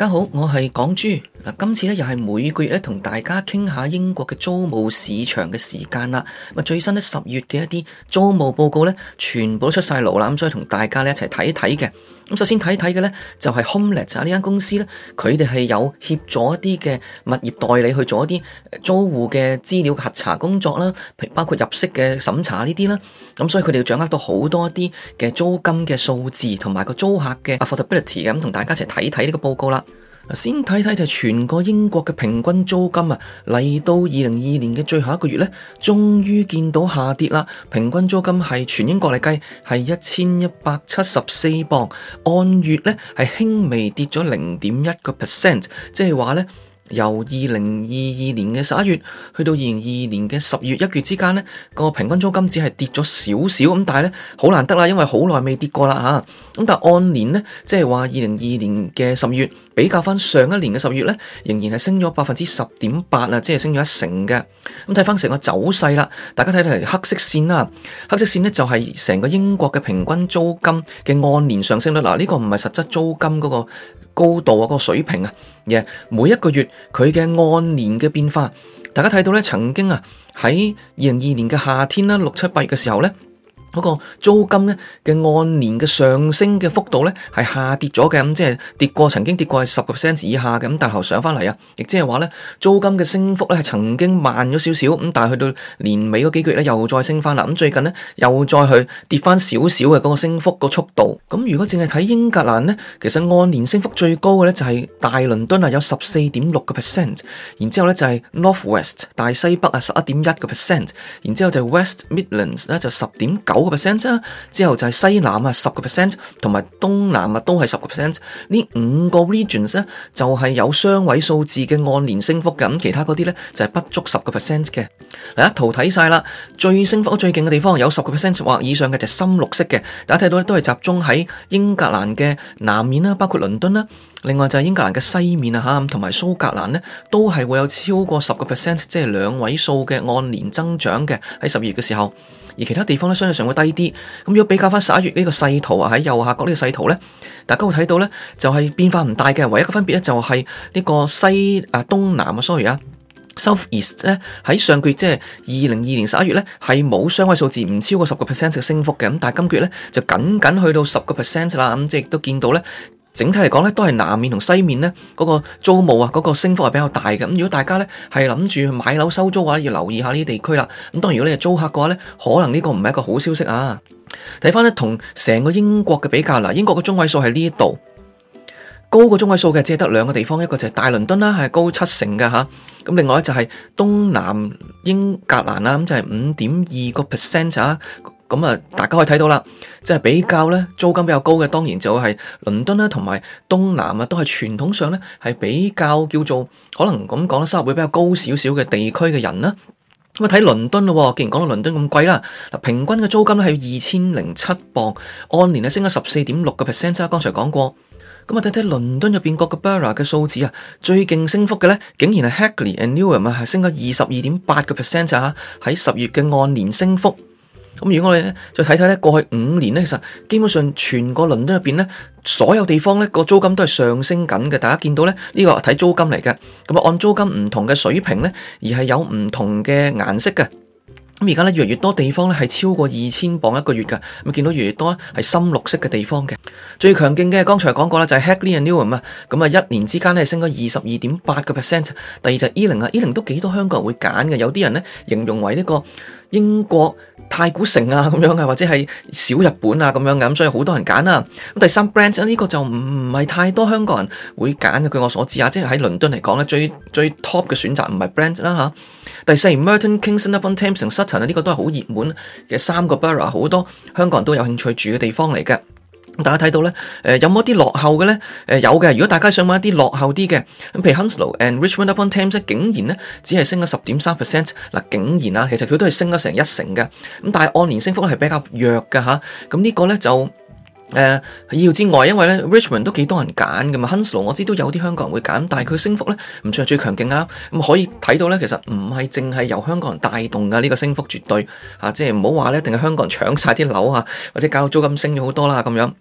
大家好，我係港珠。今次咧又係每個月咧同大家傾下英國嘅租務市場嘅時間啦。咁啊，最新咧十月嘅一啲租務報告咧，全部都出晒爐啦。咁所以同大家咧一齊睇睇嘅。咁首先睇睇嘅咧就係 Homelet 呢間公司咧，佢哋係有協助一啲嘅物業代理去做一啲租戶嘅資料嘅核查工作啦，包括入息嘅審查呢啲啦。咁所以佢哋要掌握到好多啲嘅租金嘅數字同埋個租客嘅 affordability，咁同大家一齊睇睇呢個報告啦。先睇睇就全個英國嘅平均租金啊，嚟到二零二二年嘅最後一個月咧，終於見到下跌啦。平均租金係全英國嚟計係一千一百七十四磅，按月咧係輕微跌咗零點一個 percent，即係話咧，由二零二二年嘅十一月去到二零二二年嘅十月一月之間咧個平均租金只係跌咗少少咁，但係咧好難得啦，因為好耐未跌過啦吓。咁但係按年咧，即係話二零二二年嘅十月。比較翻上一年嘅十月咧，仍然係升咗百分之十點八啊，即係升咗一成嘅。咁睇翻成個走勢啦，大家睇到嚟，黑色線啦，黑色線咧，就係成個英國嘅平均租金嘅按年上升率嗱，呢個唔係實質租金嗰個高度啊，嗰個水平啊，而係每一個月佢嘅按年嘅變化，大家睇到咧，曾經啊喺二零二年嘅夏天啦，六七八月嘅時候咧。嗰、那個租金呢嘅按年嘅上升嘅幅度呢係下跌咗嘅，咁、嗯、即係跌過曾經跌過係十個 percent 以下嘅，咁但後上翻嚟啊，亦即係話呢租金嘅升幅呢係曾經慢咗少少，咁、嗯、但係去到年尾嗰幾個月呢又再升翻啦，咁、嗯、最近呢又再去跌翻少少嘅嗰個升幅個速度。咁如果淨係睇英格蘭呢，其實按年升幅最高嘅呢就係大倫敦啊，有十四點六個 percent，然之後呢就係、是、North West 大西北啊十一點一個 percent，然之後就 West Midlands 呢就十點九。個之後就係西南啊，十個 percent，同埋東南啊，都係十個 percent。呢五個 regions 呢，就係有雙位數字嘅按年升幅嘅。咁其他嗰啲呢，就係不足十個 percent 嘅。嗱，一圖睇晒啦，最升幅最勁嘅地方有十個 percent 或以上嘅就係深綠色嘅。大家睇到呢，都係集中喺英格蘭嘅南面啦，包括倫敦啦，另外就係英格蘭嘅西面啊吓，同埋蘇格蘭呢，都係會有超過十個 percent，即係兩位數嘅按年增長嘅。喺十二月嘅時候。而其他地方咧，相對上會低啲。咁如果比較翻十一月呢個勢圖啊，喺右下角呢個勢圖咧，大家會睇到咧，就係變化唔大嘅。唯一分別個分別咧，就係呢個西啊東南啊，sorry 啊，South East 咧喺上月即係二零二二年十一月咧係冇雙位數字，唔超過十個 percent 嘅升幅嘅。咁但係今月咧就僅僅去到十個 percent 啦。咁即係都見到咧。整體嚟講咧，都係南面同西面咧嗰個租務啊，嗰個升幅係比較大嘅。咁如果大家咧係諗住買樓收租嘅話，要留意一下呢啲地區啦。咁當然，如果你係租客嘅話咧，可能呢個唔係一個好消息啊。睇翻咧同成個英國嘅比較嗱，英國嘅中位數係呢一度，高過中位數嘅只係得兩個地方，一個就係大倫敦啦，係高七成嘅吓。咁另外咧就係東南英格蘭啦，咁就係五點二個 percent 啊。咁啊，大家可以睇到啦，即係比較咧租金比較高嘅，當然就係倫敦啦，同埋東南啊，都係傳統上咧係比較叫做可能咁講收入會比較高少少嘅地區嘅人啦。咁啊，睇倫敦咯，既然講到倫敦咁貴啦，嗱，平均嘅租金係要二千零七磅，按年咧升咗十四點六個 percent 啊，剛才講過。咁啊，睇睇倫敦入邊各個 Borough 嘅數字啊，最勁升幅嘅咧，竟然係 Hackney and Newham 啊，係升咗二十二點八個 percent 啊，喺十月嘅按年升幅。咁如果我哋咧，再睇睇咧，過去五年咧，其實基本上全個倫敦入面咧，所有地方咧個租金都係上升緊嘅。大家見到咧呢個睇租金嚟嘅，咁啊按租金唔同嘅水平咧，而係有唔同嘅顏色嘅。咁而家咧越嚟越多地方咧係超過二千磅一個月㗎。咁見到越嚟越多係深綠色嘅地方嘅最強勁嘅，剛才講過啦，就係 Hackley and Newham 啊。咁啊一年之間咧升咗二十二點八個 percent。第二就係伊靈啊，伊靈都幾多香港人會揀嘅，有啲人咧形容為呢個英國太古城啊咁樣啊，或者係小日本啊咁樣嘅，咁所以好多人揀啊。咁第三 brand 咧，呢個就唔係太多香港人會揀嘅。據我所知啊，即係喺倫敦嚟講咧，最最 top 嘅選擇唔係 brand 啦吓。第四，Merton、Kingston upon Thames、Sutton 呢個都係好熱門嘅三個 borough，好多香港人都有興趣住嘅地方嚟嘅。大家睇到咧，誒有冇一啲落後嘅咧？誒有嘅。如果大家想買一啲落後啲嘅，咁譬如 Hounslow and Richmond upon Thames，竟然咧只係升咗十點三 percent。嗱，竟然啊，其實佢都係升咗成一成嘅。咁但係按年升幅咧係比較弱嘅吓。咁、這、呢個咧就誒、呃、意料之外，因為咧 Richmond 都幾多人揀嘅嘛。Hounslow 我知道都有啲香港人會揀，但係佢升幅咧唔算係最強勁啊。咁可以睇到咧，其實唔係淨係由香港人帶動嘅呢、這個升幅，絕對嚇，即係唔好話咧，一定係香港人搶晒啲樓啊，或者教育租金升咗好多啦咁樣。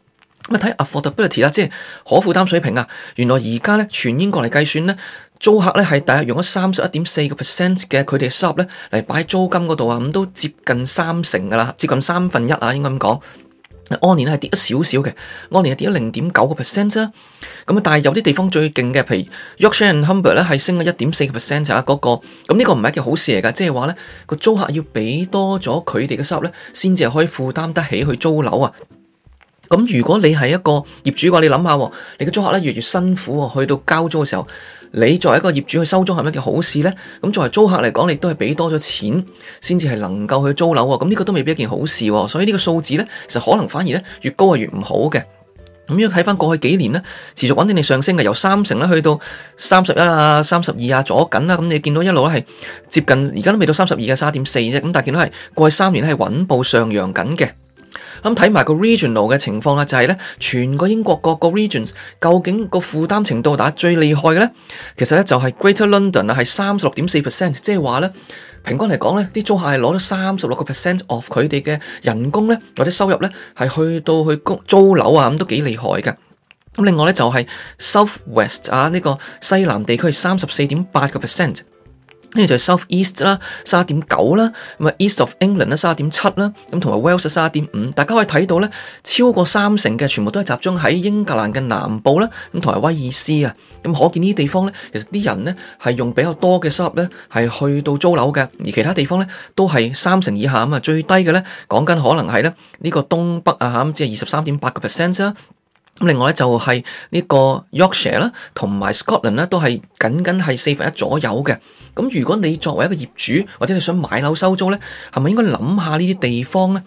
咁睇 affordability 啦，即係可負擔水平啊。原來而家咧，全英國嚟計算咧，租客咧係大約用咗三十一點四個 percent 嘅佢哋嘅收入咧嚟擺租金嗰度啊，咁都接近三成噶啦，接近三分一啊，應該咁講。按年咧係跌咗少少嘅，按年係跌咗零點九個 percent 啫。咁啊，但係有啲地方最勁嘅，譬如 Yorkshire and Humber 咧係升咗一點四個 percent 啊，嗰個。咁呢個唔係一件好事嚟㗎，即係話咧個租客要俾多咗佢哋嘅收入咧，先至係可以負擔得起去租樓啊。咁如果你係一個業主嘅話，你諗下，你嘅租客咧越越辛苦，去到交租嘅時候，你作為一個業主去收租係咪一件好事呢？咁作為租客嚟講，你都係俾多咗錢先至係能夠去租樓喎。咁呢個都未必一件好事喎。所以呢個數字咧，其實可能反而咧越高係越唔好嘅。咁如果睇翻過去幾年咧，持續穩定地上升嘅，由三成咧去到三十一啊、三十二啊，左緊啦。咁你見到一路咧係接近，而家都未到三十二嘅三點四啫。咁但係見到係過去三年係穩步上揚緊嘅。咁睇埋個 regional 嘅情況咧，就係咧全個英國各個 regions 究竟個負擔程度打最厲害嘅咧，其實咧就係 Greater London 係三十六點四 percent，即係話咧平均嚟講咧啲租客係攞咗三十六個 percent of 佢哋嘅人工咧或者收入咧係去到去租樓啊咁都幾厲害嘅。咁另外咧就係 South West 啊呢個西南地區係三十四點八個 percent。呢就係 South East 啦，三十點九啦，East of England 啦三十點七啦，咁同埋 Wales 三十點五。大家可以睇到呢超過三成嘅全部都係集中喺英格蘭嘅南部啦，咁同埋威爾斯啊。咁可見呢啲地方呢，其實啲人呢係用比較多嘅收入呢係去到租樓嘅，而其他地方呢都係三成以下啊，最低嘅呢講緊可能係呢呢個東北啊只咁即係二十三點八個 percent 啦。咁另外呢，就係呢個 Yorkshire 啦，同埋 Scotland 都係僅僅係四分一左右嘅。咁如果你作為一個業主，或者你想買樓收租呢，係咪應該諗下呢啲地方呢？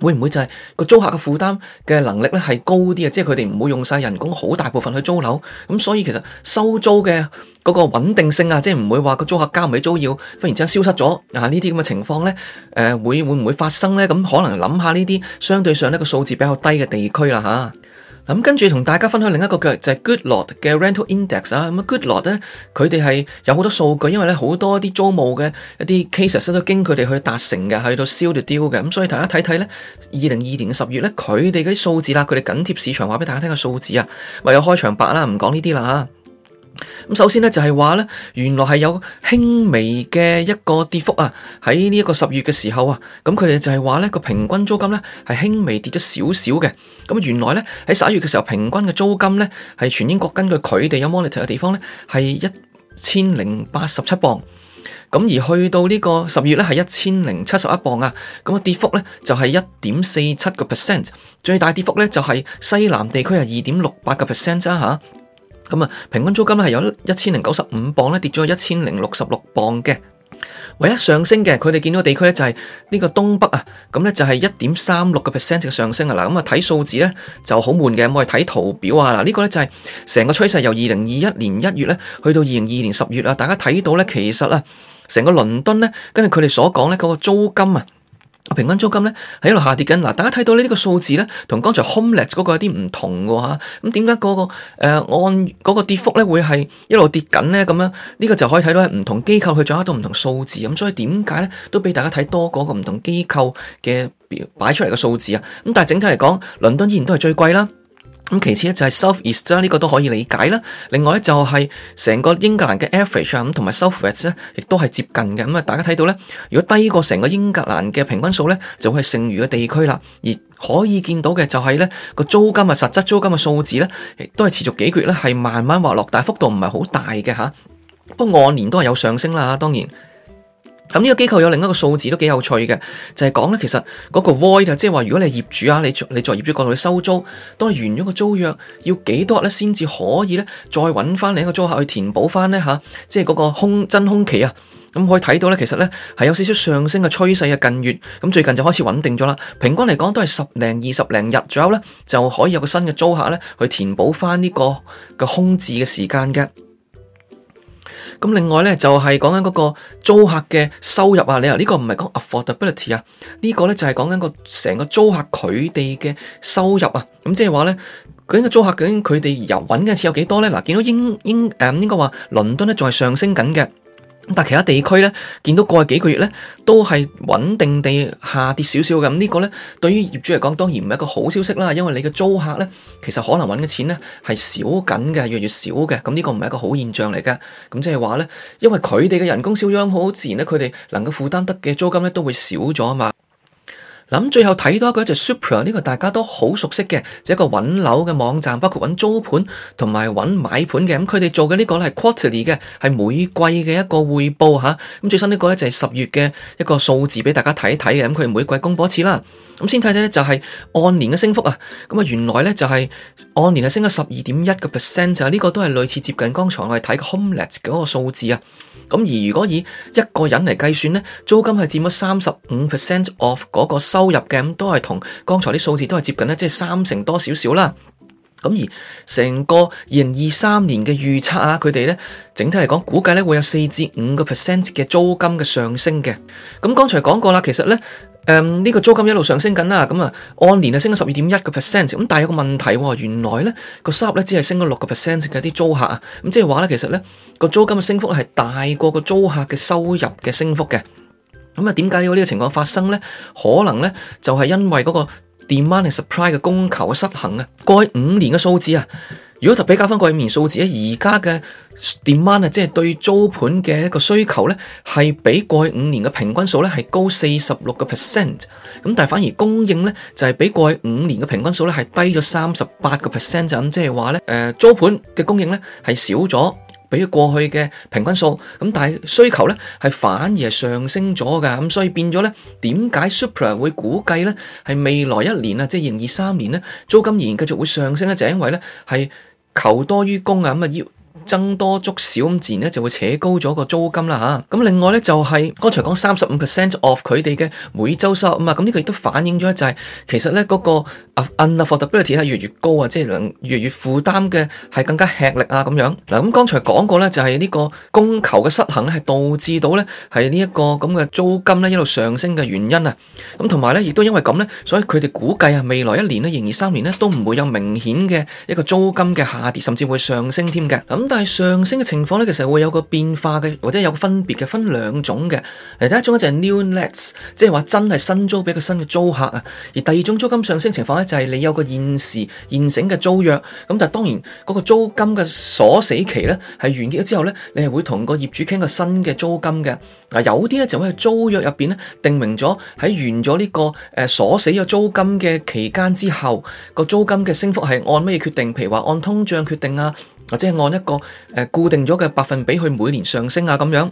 會唔會就係個租客嘅負擔嘅能力呢係高啲啊？即係佢哋唔會用晒人工，好大部分去租樓。咁所以其實收租嘅嗰個穩定性啊，即係唔會話個租客交唔起租要，忽然之間消失咗啊！呢啲咁嘅情況呢，呃、會會唔會發生呢？咁可能諗下呢啲相對上呢個數字比較低嘅地區啦嚇。咁跟住同大家分享另一個腳，就係 Good Lord 嘅 Rental Index 啊，咁 Good Lord 咧，佢哋係有好多數據，因為咧好多啲租務嘅一啲 cases 都經佢哋去達成嘅，去 seal the deal 嘅，咁所以大家睇睇咧，二零二二年嘅十月咧，佢哋嗰啲數字啦，佢哋緊貼市場話俾大家聽嘅數字啊，唯有開場白啦，唔講呢啲啦吓。首先呢，就係話呢，原來係有輕微嘅一個跌幅啊，喺呢一個十月嘅時候啊，咁佢哋就係話呢個平均租金呢係輕微跌咗少少嘅，咁原來呢，喺十一月嘅時候，平均嘅租金呢係全英國根據佢哋有 monitor 嘅地方呢係一千零八十七磅，咁而去到呢個十月呢，係一千零七十一磅啊，咁啊跌幅呢就係一點四七個 percent，最大跌幅呢，就係西南地區係二點六八個 percent 咋吓。咁啊，平均租金咧係由一千零九十五磅咧，跌咗一千零六十六磅嘅。唯一上升嘅，佢哋見到嘅地區咧就係呢個東北啊。咁咧就係一點三六個 percent 嘅上升啊。嗱，咁啊睇數字咧就好悶嘅，我哋睇圖表啊嗱，呢個咧就係成個趨勢由二零二一年一月咧去到二零二二年十月啊，大家睇到咧其實啊，成個倫敦咧，跟住佢哋所講咧嗰個租金啊。平均租金呢係一路下跌緊，大家睇到呢個個數字呢，同剛才 Homelet 嗰個有啲唔同嘅吓，咁點解嗰個、呃、按嗰個跌幅呢會係一路跌緊呢？咁樣？呢、呢個就可以睇到係唔同機構去掌握到唔同數字，咁所以點解呢都俾大家睇多嗰個唔同機構嘅表擺出嚟嘅數字啊，咁但係整體嚟講，倫敦依然都係最貴啦。咁其次咧就係 South East 呢個都可以理解啦。另外咧就係成個英格蘭嘅 average 啊，咁同埋 South West 咧，亦都係接近嘅。咁啊，大家睇到咧，如果低過成個英格蘭嘅平均數咧，就會係剩餘嘅地區啦。而可以見到嘅就係咧個租金啊，實質租金嘅數字咧，亦都係持續幾個月咧係慢慢滑落，但係幅度唔係好大嘅吓。不過按年都係有上升啦，當然。咁、這、呢個機構有另一個數字都幾有趣嘅，就係講呢。其實嗰個 void，即係話如果你係業主啊，你你作業主角度去收租，當你完咗個租約，要幾多日呢先至可以呢？再搵返另一個租客去填補返呢？嚇、啊，即係嗰個空真空期啊。咁可以睇到呢，其實呢係有少少上升嘅趨勢啊，近月咁最近就開始穩定咗啦。平均嚟講都係十零二十零日，左右呢，就可以有個新嘅租客呢去填補返呢個空置嘅時間嘅。咁另外咧，就係講緊嗰個租客嘅收入啊，你話呢個唔係講 affordability 啊，呢個咧，就係講緊個成個租客佢哋嘅收入啊，咁即係話咧，佢啲個租客究竟佢哋而家揾嘅錢有幾多咧？嗱，見到應應誒，應該話倫敦咧仲係上升緊嘅。但其他地區呢，見到過去幾個月呢，都係穩定地下跌少少嘅。咁呢個呢，對於業主嚟講當然唔係一個好消息啦。因為你嘅租客呢，其實可能揾嘅錢呢，係少緊嘅，越嚟越少嘅。咁呢個唔係一個好現象嚟嘅。咁即係話呢，因為佢哋嘅人工少咗，好，好自然呢，佢哋能夠負擔得嘅租金呢，都會少咗啊嘛。最後睇多一個就係 Super，呢個大家都好熟悉嘅，就係、是、一個揾樓嘅網站，包括揾租盤同埋揾買盤嘅。咁佢哋做嘅呢個咧係 quarterly 嘅，係每季嘅一個匯報嚇。咁最新呢個咧就係十月嘅一個數字俾大家睇一睇嘅。咁佢每季公佈一次啦。咁先睇睇咧就係按年嘅升幅啊。咁啊原來咧就係按年係升咗十二點一個 percent，就係呢個都係類似接近剛才我哋睇嘅 Homelet 嗰個數字啊。咁而如果以一個人嚟計算咧，租金係佔咗三十五 percent of 嗰、那個收入嘅，咁都係同剛才啲數字都係接近咧，即係三成多少少啦。咁而成個二零二三年嘅預測啊，佢哋呢整體嚟講估計呢會有四至五個 percent 嘅租金嘅上升嘅。咁剛才講過啦，其實咧，誒呢個租金一路上升緊啦。咁啊按年啊升咗十二點一個 percent。咁但係有個問題，原來呢個收入呢，只係升咗六個 percent 嘅啲租客啊。咁即係話呢，其實呢個租金嘅升幅係大過個租客嘅收入嘅升幅嘅。咁啊，點解呢個呢個情況發生呢？可能呢，就係因為嗰個 demand supply 嘅供求嘅失衡啊。過去五年嘅數字啊，如果對比翻過去五年數字啊，而家嘅 demand 啊，即係對租盤嘅一個需求呢，係比過去五年嘅平均數呢係高四十六個 percent，咁但係反而供應呢，就係比過去五年嘅平均數呢係低咗三十八個 percent，就咁，即係話呢，誒，租盤嘅供應呢係少咗。比過去嘅平均數，咁但係需求咧係反而係上升咗嘅，咁所以變咗咧，點解 Supra 會估計咧係未來一年啊，即係二零二三年咧租金仍然繼續會上升咧，就因為咧係求多於供啊，咁啊要。增多足少，咁自然咧就會扯高咗個租金啦吓。咁另外咧就係剛才講三十五 percent of 佢哋嘅每周收入啊，咁呢個亦都反映咗就係其實咧嗰個啊 unaffordability 係越嚟越高啊，即係能越嚟越負擔嘅係更加吃力啊咁樣。嗱，咁剛才講過咧就係呢個供求嘅失衡咧係導致到咧係呢一個咁嘅租金咧一路上升嘅原因啊。咁同埋咧亦都因為咁咧，所以佢哋估計啊未來一年咧、兩三年咧都唔會有明顯嘅一個租金嘅下跌，甚至會上升添嘅。咁但但上升嘅情況咧，其實會有個變化嘅，或者有個分別嘅，分兩種嘅。第一種就係 new lets，即係話真係新租俾個新嘅租客啊。而第二種租金上升情況咧，就係你有個現時現成嘅租約。咁但係當然嗰個租金嘅鎖死期咧，係完結咗之後咧，你係會同個業主傾個新嘅租金嘅。嗱，有啲咧就會喺租約入邊咧定明咗喺完咗呢個誒鎖死咗租金嘅期間之後，個租金嘅升幅係按咩嘢決定？譬如話按通脹決定啊。或者係按一個誒固定咗嘅百分比去每年上升啊咁樣，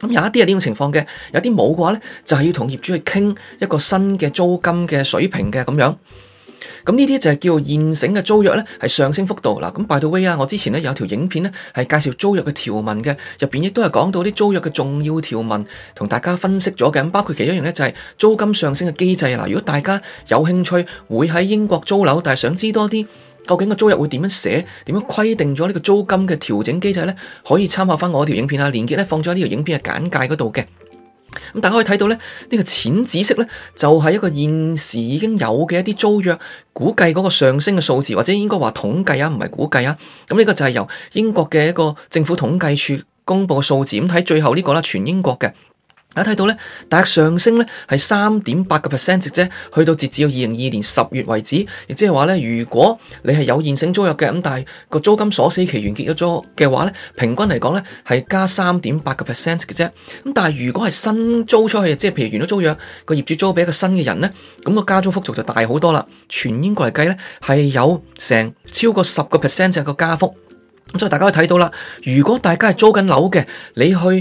咁有一啲係呢種情況嘅，有啲冇嘅話咧，就係要同業主去傾一個新嘅租金嘅水平嘅咁樣。咁呢啲就係叫現成嘅租約咧，係上升幅度嗱。咁 by the way 啊，我之前咧有條影片咧係介紹租約嘅條文嘅，入邊亦都係講到啲租約嘅重要條文，同大家分析咗嘅。咁包括其中一樣咧就係租金上升嘅機制嗱。如果大家有興趣會喺英國租樓，但係想知多啲。究竟個租約會點樣寫？點樣規定咗呢個租金嘅調整機制咧？可以參考翻我條影片啊，連結咧放咗喺呢條影片嘅簡介嗰度嘅。咁大家可以睇到咧，呢個淺紫色咧就係一個現時已經有嘅一啲租約估計嗰個上升嘅數字，或者應該話統計啊，唔係估計啊。咁呢個就係由英國嘅一個政府統計處公布嘅數字。咁睇最後呢個啦，全英國嘅。啊，睇到呢，大約上升呢係三點八個 percent 嘅啫，去到直至到二零二二年十月為止，亦即係話呢，如果你係有現成租約嘅，咁但係個租金鎖死期完結咗租嘅話呢，平均嚟講呢係加三點八個 percent 嘅啫。咁但係如果係新租出去，即係譬如完咗租約，個業主租俾一個新嘅人呢，咁個加租幅度就大好多啦。全英國嚟計呢，係有成超過十個 percent 嘅個加幅。咁所以大家可以睇到啦，如果大家係租緊樓嘅，你去完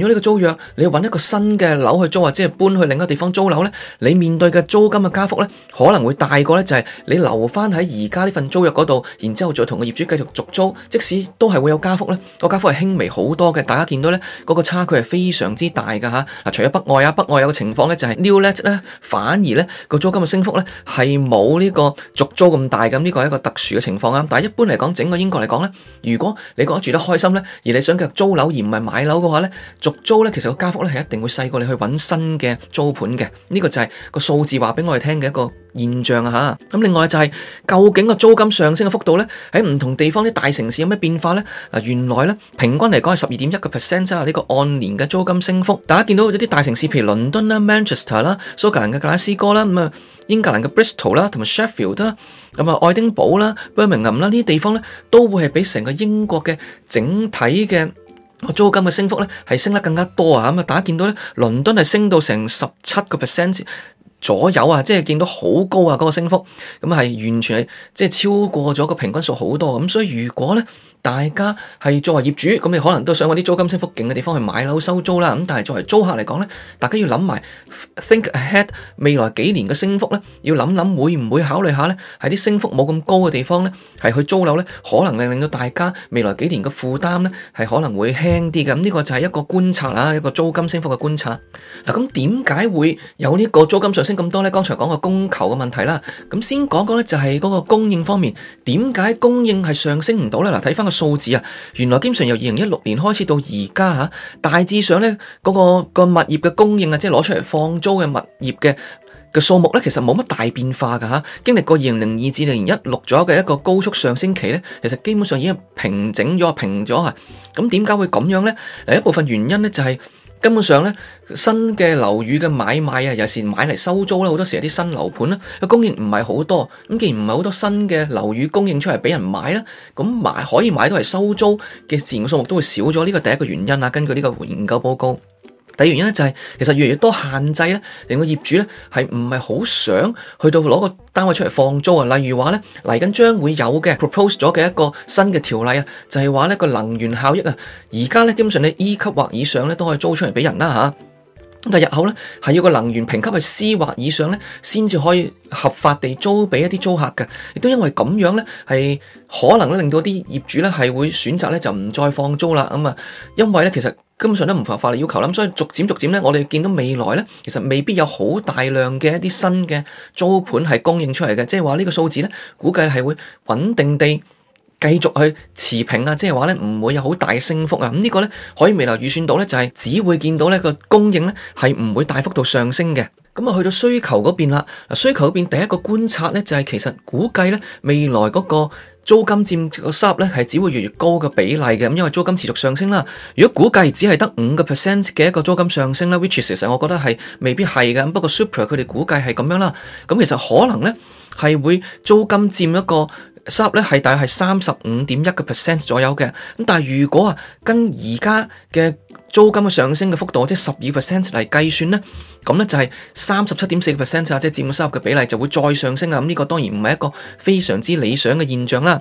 咗呢個租約，你去揾一個新嘅樓去租或者係搬去另一個地方租樓呢，你面對嘅租金嘅加幅呢，可能會大過呢。就係你留翻喺而家呢份租約嗰度，然之後再同個業主繼續續租，即使都係會有加幅呢。個加幅係輕微好多嘅。大家見到呢，嗰個差距係非常之大噶吓。除咗北外啊，北外有個情況呢，就係 new let 咧，反而呢個租金嘅升幅呢，係冇呢個續租咁大嘅，呢個係一個特殊嘅情況啊。但係一般嚟講，整個英國嚟講呢。如果你覺得住得開心呢，而你想繼續租樓而唔係買樓的話咧，續租咧其實個加幅咧係一定會細過你去揾新的租盤的這個就是個數字話俾我哋聽的一個。現象啊，吓。咁另外就係、是、究竟個租金上升嘅幅度咧，喺唔同地方啲大城市有咩變化咧？啊，原來咧平均嚟講係十二點一個 percent 即呢個按年嘅租金升幅。大家見到一啲大城市，譬如倫敦啦、Manchester 啦、蘇格蘭嘅格拉斯哥啦，咁啊英格蘭嘅 Bristol 啦、啊，同埋 Sheffield 啦，咁啊愛丁堡啦、Birmingham 啦呢啲地方咧，都會係比成個英國嘅整體嘅租金嘅升幅咧，係升得更加多啊！咁啊，大家見到咧，倫敦係升到成十七個 percent。左右啊，即係見到好高啊，嗰個升幅，咁係完全係即係超過咗個平均數好多咁，所以如果咧，大家係作為業主咁，你可能都想揾啲租金升幅勁嘅地方去買樓收租啦。咁但係作為租客嚟講呢，大家要諗埋 think ahead，未來幾年嘅升幅呢，要諗諗會唔會考慮下呢？喺啲升幅冇咁高嘅地方呢，係去租樓呢，可能令令到大家未來幾年嘅負擔呢，係可能會輕啲嘅。咁、這、呢個就係一個觀察啦，一個租金升幅嘅觀察。嗱，咁點解會有呢個租金上升咁多呢？剛才講過供求嘅問題啦。咁先講講呢，就係嗰個供應方面，點解供應係上升唔到呢？嗱，睇翻。數字啊，原來基本上由二零一六年開始到而家吓，大致上呢嗰個個物業嘅供應啊，即係攞出嚟放租嘅物業嘅嘅數目呢，其實冇乜大變化噶吓。經歷過二零零二至二零一六左右嘅一個高速上升期呢，其實基本上已經平整咗、平咗啊。咁點解會咁樣呢？誒，一部分原因呢，就係、是。根本上呢，新嘅樓宇嘅買賣啊，尤其係買嚟收租啦，好多時啲新樓盤呢，供應唔係好多。咁既然唔係好多新嘅樓宇供應出嚟俾人買啦，咁買可以買到係收租嘅自然數目都會少咗。呢個第一個原因啊，根據呢個研究報告。第二原因呢，就係其實越嚟越多限制呢，令到業主呢係唔係好想去到攞個單位出嚟放租啊。例如話呢，嚟緊將會有嘅 proposed 咗嘅一個新嘅條例啊，就係話呢個能源效益啊，而家呢，基本上呢 E 級或以上都可以租出嚟俾人啦吓。咁但係日後呢，係要個能源評級係 C 或以上呢，先至可以合法地租俾一啲租客嘅。亦都因為咁樣呢，係可能令到啲業主呢係會選擇呢，就唔再放租啦。咁啊，因為呢，其實。根本上都唔符合法律要求，咁所以逐漸逐漸呢，我哋見到未來呢，其實未必有好大量嘅一啲新嘅租盤係供應出嚟嘅，即係話呢個數字呢，估計係會穩定地繼續去持平啊，即係話呢，唔會有好大升幅啊，咁、這、呢個呢，可以未來預算到呢，就係只會見到呢個供應呢，係唔會大幅度上升嘅，咁啊去到需求嗰邊啦，需求嗰邊第一個觀察呢，就係其實估計呢未來嗰個。租金佔個 sub 咧係只會越嚟越高嘅比例嘅，咁因為租金持續上升啦。如果估計只係得五個 percent 嘅一個租金上升咧，which 其實我覺得係未必係嘅。不過 super 佢哋估計係咁樣啦。咁其實可能咧係會租金佔一個 sub 咧係大概係三十五點一個 percent 左右嘅。咁但係如果啊跟而家嘅租金嘅上升嘅幅度，即係十二 percent 嚟計算咧，咁咧就係三十七點四 percent 啊，即係佔收入嘅比例就會再上升啊！咁、這、呢個當然唔係一個非常之理想嘅現象啦。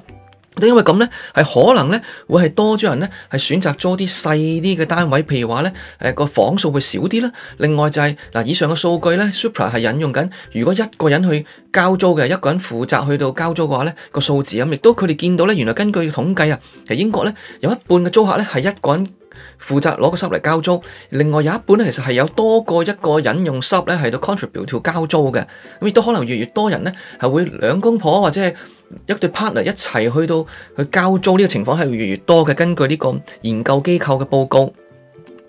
咁因為咁咧，係可能咧會係多咗人咧係選擇租啲細啲嘅單位，譬如話咧誒個房數會少啲啦。另外就係、是、嗱，以上嘅數據咧，Super 係引用緊，如果一個人去交租嘅，一個人負責去到交租嘅話咧，個數字咁亦都佢哋見到咧，原來根據統計啊，其實英國咧有一半嘅租客咧係一個人。負責攞個 sub 嚟交租，另外有一半其實係有多過一個人用 sub 呢，係到 contribute to 交租嘅，咁，亦都可能越嚟越多人呢係會兩公婆或者係一對 partner 一齊去到去交租呢，呢個情況係越嚟越多嘅。根據呢個研究機構嘅報告。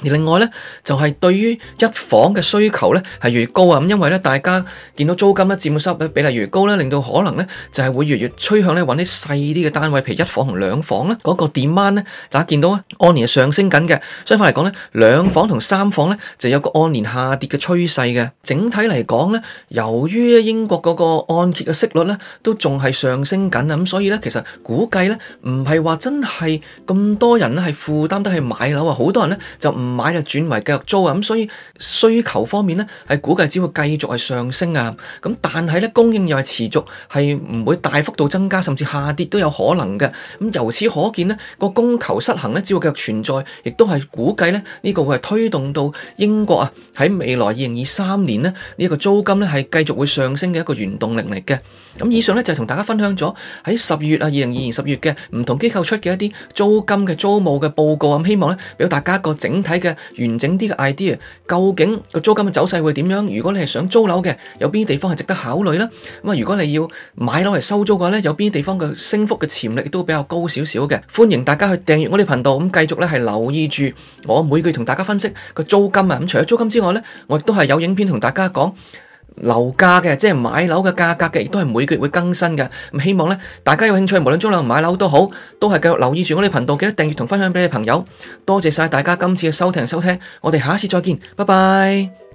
而另外呢，就係對於一房嘅需求呢，係越高啊！咁因為呢，大家見到租金呢，佔嘅收入比例越越高呢，令到可能呢，就係會越來越趨向呢揾啲細啲嘅單位，譬如一房同兩房呢嗰個 demand 呢。大家見到啊，按年係上升緊嘅。相反嚟講呢，兩房同三房呢，就有個按年下跌嘅趨勢嘅。整體嚟講呢，由於英國嗰個按揭嘅息率呢，都仲係上升緊啊！咁所以呢，其實估計呢，唔係話真係咁多人呢係負擔得去買樓啊，好多人呢就唔～買就轉為繼續租啊，咁所以需求方面呢，係估計只會繼續係上升啊，咁但係呢，供應又係持續係唔會大幅度增加，甚至下跌都有可能嘅。咁由此可見，呢個供求失衡呢，只會繼續存在，亦都係估計呢，呢、這個會係推動到英國啊喺未來二零二三年呢，呢、這、一個租金呢，係繼續會上升嘅一個原動力嚟嘅。咁以上呢，就係、是、同大家分享咗喺十月啊二零二二年十月嘅唔同機構出嘅一啲租金嘅租務嘅報告，咁希望呢，俾大家一個整體。嘅完整啲嘅 idea，究竟個租金嘅走勢會點樣？如果你係想租樓嘅，有邊啲地方係值得考慮呢？咁啊，如果你要買樓嚟收租嘅話呢，有邊啲地方嘅升幅嘅潛力都比較高少少嘅？歡迎大家去訂閱我哋頻道，咁繼續咧係留意住我每個月同大家分析個租金啊！咁除咗租金之外呢，我亦都係有影片同大家講。樓價嘅，即係買樓嘅價格嘅，亦都係每個月會更新嘅。咁希望咧，大家有興趣，無論租樓買樓都好，都係繼續留意住我哋頻道，記得訂閱同分享俾你朋友。多謝晒大家今次嘅收聽收聽，我哋下一次再見，拜拜。